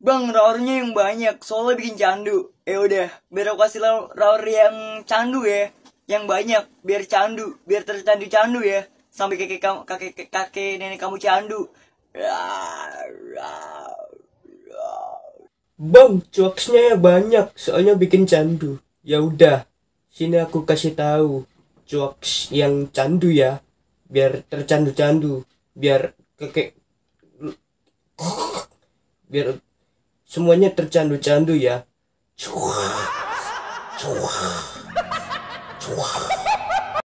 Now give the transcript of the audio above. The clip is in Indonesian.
Bang, raurnya yang banyak, soalnya bikin candu. Eh udah, biar aku kasih raur yang candu ya. Yang banyak, biar candu, biar tercandu candu ya. Sampai kakek kamu, kakek, kakek, nenek kamu candu. Bang, cuaksnya ya banyak, soalnya bikin candu. Ya udah, sini aku kasih tahu cuaks yang candu ya, biar tercandu-candu, biar kakek biar semuanya tercandu-candu ya. Cuah, cuah, cuah.